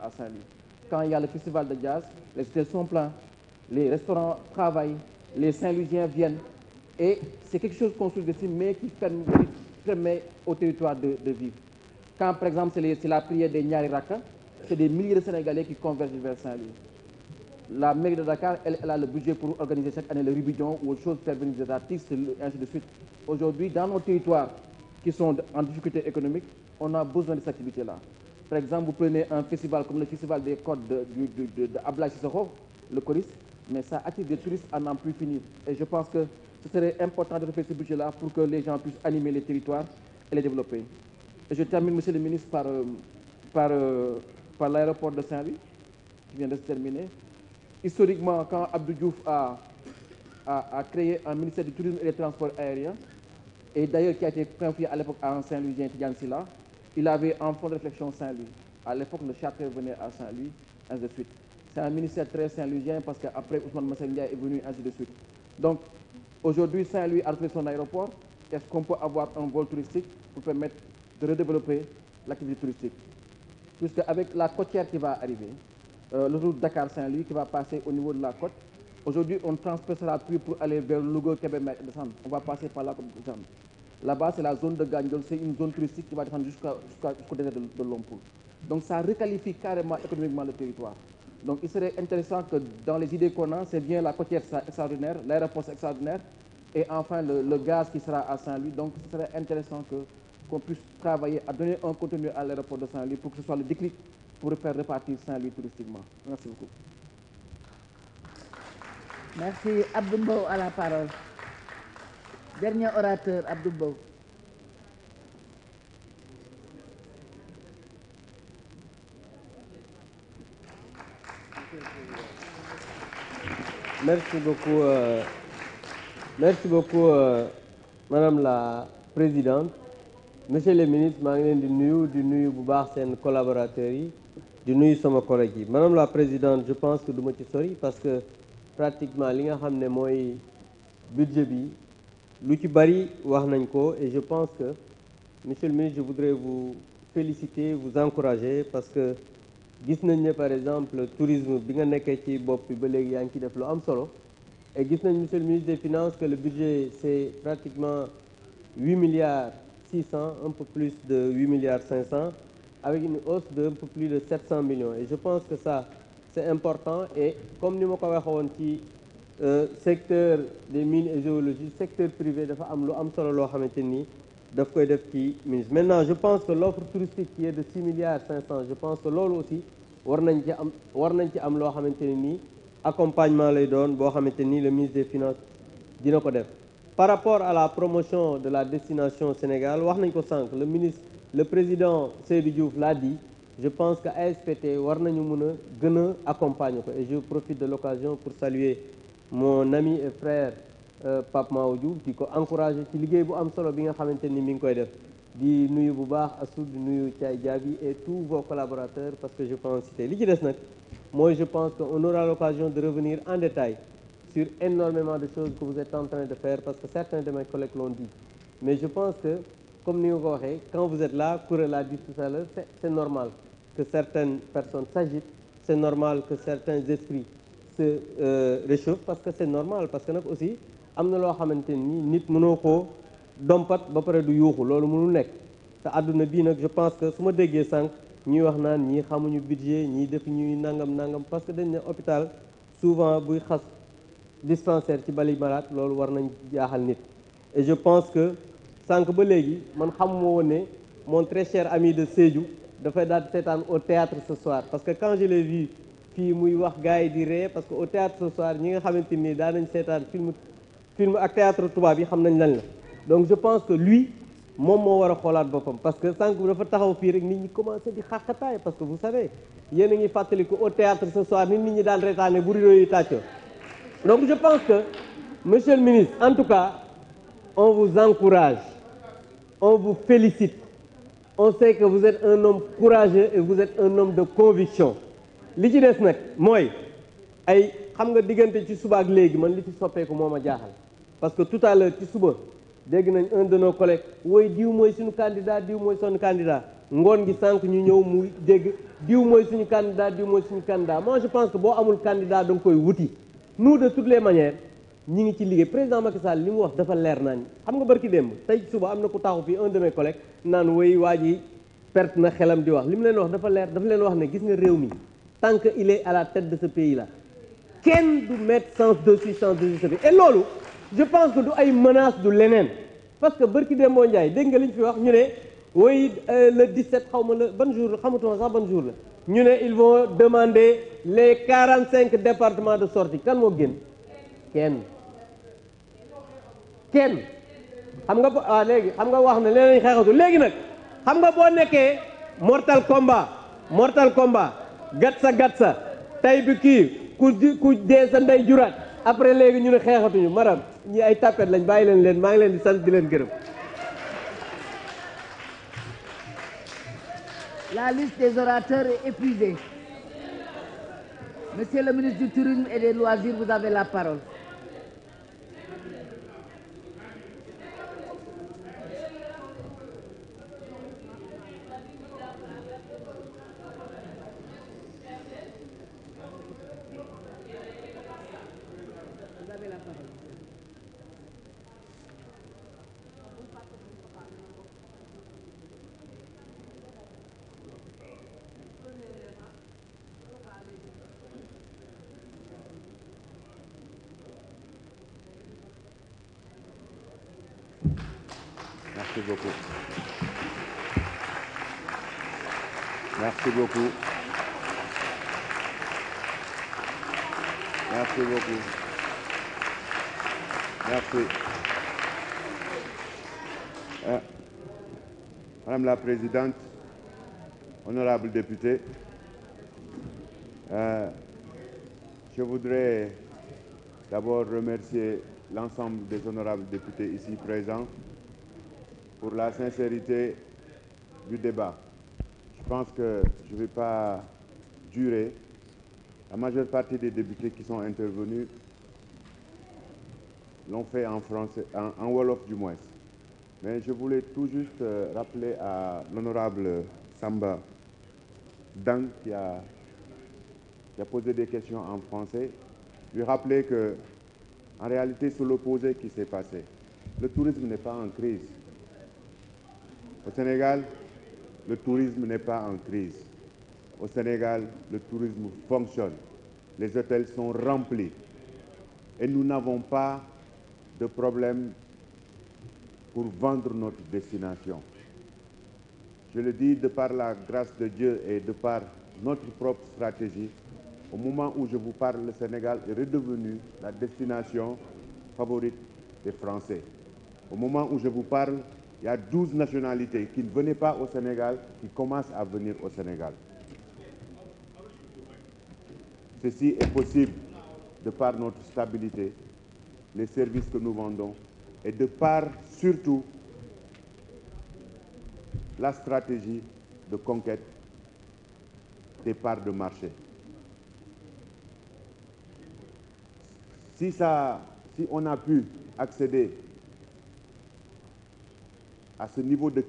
à Saint-Louis. Quand il y a le festival de jazz, les hôtels sont pleins, les restaurants travaillent, les Saint-Louisiens viennent. Et c'est quelque chose qu'on sous-estime, mais qui permet, qui permet, au territoire de, de vivre. Quand, par exemple, c'est la prière des Nyari Raka, c'est des milliers de Sénégalais qui convergent vers Saint-Louis. La mairie de Dakar, elle, elle, a le budget pour organiser chaque année le Rubidon ou autre chose, faire venir des artistes, et ainsi de suite. Aujourd'hui, dans nos territoires qui sont en difficulté économique, on a besoin de cette activité-là. Par exemple, vous prenez un festival comme le festival des Côtes de, de, le Coris, mais ça attire des touristes à plus finir. Et je pense que ce serait important de refaire ce budget-là pour que les gens puissent animer les territoires et les développer. Et je termine, Monsieur le ministre, par, euh, par, euh, par l'aéroport de Saint-Louis, qui vient de se terminer. quand Abdou a, a, a créé un ministère du Tourisme et des Transports aériens, et d'ailleurs qui a été confié à l'époque à un Saint-Louisien, Tidiane Silla, Il avait en fond de réflexion Saint-Louis. À l'époque, le charter venait à Saint-Louis, saint-louisien parce qu'après, Ousmane Massalindia est venu, ainsi de suite. Donc, aujourd'hui, Saint-Louis a retrouvé son aéroport. Est-ce qu'on peut avoir un vol touristique pour permettre de redévelopper l'activité touristique Puisqu'avec la côtière qui va arriver, euh, Dakar-Saint-Louis qui va passer au niveau de la côte, aujourd'hui, on transpercera plus pour aller vers Lugo, Québec, descendre. par la côte Là-bas, c'est la zone de Gandiol, c'est une zone touristique qui va descendre jusqu'au jusqu de, de Lompoul. Donc requalifie carrément économiquement le territoire. il serait intéressant que dans les idées qu'on a, c'est la côtière extraordinaire, l'aéroport extraordinaire, et enfin le, le, gaz qui sera à Saint-Louis. Donc ce serait intéressant que qu'on puisse travailler à donner un contenu à l'aéroport de Saint-Louis pour que ce soit le déclic pour faire repartir saint dernier orateur Abdou Mbow Merci beaucoup euh, euh la présidente monsieur le ministre maa ngi leen di nuyu di nuyu bu baax seen collaborateurs yi di nuyu sama collègue yi madame la président je pense que du ma ci sori parce que pratiquement li nga xam ne mooy budget bi lu ci bari wax nañ ko je pense que monsieur le ministre je voudrais vous féliciter vous encourager parce que gis nañ ne par exemple tourisme bi nga nekkee ci bopp bi ba léegi yaa ngi ci def lu am solo et gis nañ monsieur le ministre des finances que le budget c'est pratiquement huit milliards six cent un peu de huit milliards cinq cent avec une hausse de un peu plus de cent millions et je pense que ça c'est important et comme ni ma ko waxee woon ci Euh, secteur des mines et géologie secteur privé dafa am lu am solo loo xamante nii daf koy def ci ministre maintenant je pense que l'offre touristique qui est de six milliards cinq je pense que loolu aussi war nañ ci am war nañ ci am loo xamante ne nii accompagnement lay doon boo xamante nii le ministre des finances dina ko def par rapport à la promotion de la destination Sénégal wax nañ ko sànq le ministre le président Seydou Diouf l'a dit je pense que ASPT war nañu mën a gën a accompagner ko et je de l'occasion pour saluer mon ami et frère euh, Pape Mahaw Diouf di ko encouragé ci liggéey bu am solo bi nga xamante ni mi ngi koy def di nuyu bu baax Assou di nuyu Thiaye Diaby et tous vos collaborateurs parce que je peux en citer li ci des nag mooy je pense qu'on aura l'occasion de revenir en détail sur énormément de choses que vous êtes en train de faire parce que certains de mes collègues l'ont dit mais je pense que comme ni nga ko waxee quand vous êtes là Koura l'a dit tout à l'heure c'est normal que certaines personnes s'agitent c'est normal que certains esprits se euh, réchauffe parce que c'est normal parce que nag aussi am na loo xamante nii nit mënoo koo dompat ba pare du yuuxu loolu mënul nekk te àdduna bii nag je pense que su ma déggee sànq ñuy wax naan ñii xamuñu budget ñii def ñuy nangam nangam parce que dañ ne hôpital souvent buy xas dispensaire ci bali malade loolu war nañ jaaxal nit et je pense que sànq ba léegi man xamuma woon ne mon très cher ami de Sédhiou dafay daal di seetaan au théâtre ce soir parce que fii muy wax gars yi di ree parce que au théâtre ce soir ñi nga xamante nii daan nañ seetaan film film ak théâtre tubaab yi xam nañ nañ la donc je pense que lui moom moo war a xoolaat boppam parce que sànq dafa taxaw fii rek nit ñi commencé di xàqataay parce que vous savez yéen a ngi fàttaliku au théâtre ce soir nit ñi daan reetaane bu rido yi tàccoo donc je pense que monsieur le ministre en tout cas on vous encourage on vous félicite on sait que vous êtes un homme courageux et vous êtes un de conviction li ci des nag mooy ay xam nga diggante ci suba ak léegi man li ci soppeeku moo a jaaxal parce que tout à l'heure ci suba dégg nañ un de nos collègues wooy diw mooy suñu candidat diw mooy suñu candidat ngoon gi sànq ñu ñëw mu dégg diw mooy suñu candidat diw mooy suñu candidat moi je pense boo amul candidat da nga koy wuti nous de toutes les manières ñi ngi ci liggéey président Macky Sall li mu wax dafa leer nañ xam nga barki démb tey suba am na ku taxu fii un de mes collègues naan woy waa ji perte na xelam di wax li mu leen wax dafa leer dafa leen wax ne gis nga réew mi tant qu'il est à la tête de ce pays-là kenn du mettre sens dessus sens dessus bi et loolu je pense que du ay menace du leneen parce que bërki moo Ndiaye dégg nga li ñu fi wax ñu ne woy euh, le 17 xaw ma la ban jour la xamatuma sax ban jour la ñu ne ils vont demander les cinq départements de sortie kan moo génn kenn kenn xam nga ah léegi xam nga wax ne leneen xeexatu léegi nag xam nga boo nekkee mortal combat mortal combat gatsa gatsa tay bi kii ku ku dee sa ndey juraat après léegi ñu ne xeexatuñu maram ñi ay tàppet lañ bàyyi leen leen maa ngi leen di sant di leen gërëm La liste des orateurs est épuisée. Monsieur le ministre du Tourisme et des Loisirs, vous avez la parole. Merci beaucoup. Merci euh, Madame la Présidente, honorables députés, euh, je voudrais d'abord remercier l'ensemble des honorables députés ici présents pour la sincérité du débat. Je pense que je ne vais pas durer. La majeure partie des députés qui sont intervenus l'ont fait en français, en, en, Wolof du moins. Mais je voulais tout juste euh, rappeler à l'honorable Samba Dang qui a, qui a posé des questions en français, lui rappeler que en réalité, c'est l'opposé qui s'est passé. Le tourisme n'est pas en crise. Au Sénégal, le tourisme n'est pas en crise. Au Sénégal, le tourisme fonctionne. Les hôtels sont remplis. Et nous n'avons pas de problème pour vendre notre destination. Je le dis de par la grâce de Dieu et de par notre propre stratégie. Au moment où je vous parle, le Sénégal est redevenu la destination favorite des Français. Au moment où je vous parle, il y a douze nationalités qui ne venaient pas au Sénégal qui commencent à venir au Sénégal ceci est possible de par notre stabilité les services que nous vendons et de par surtout la stratégie de conquête des parts de marché si ça si on a pu accéder à ce niveau de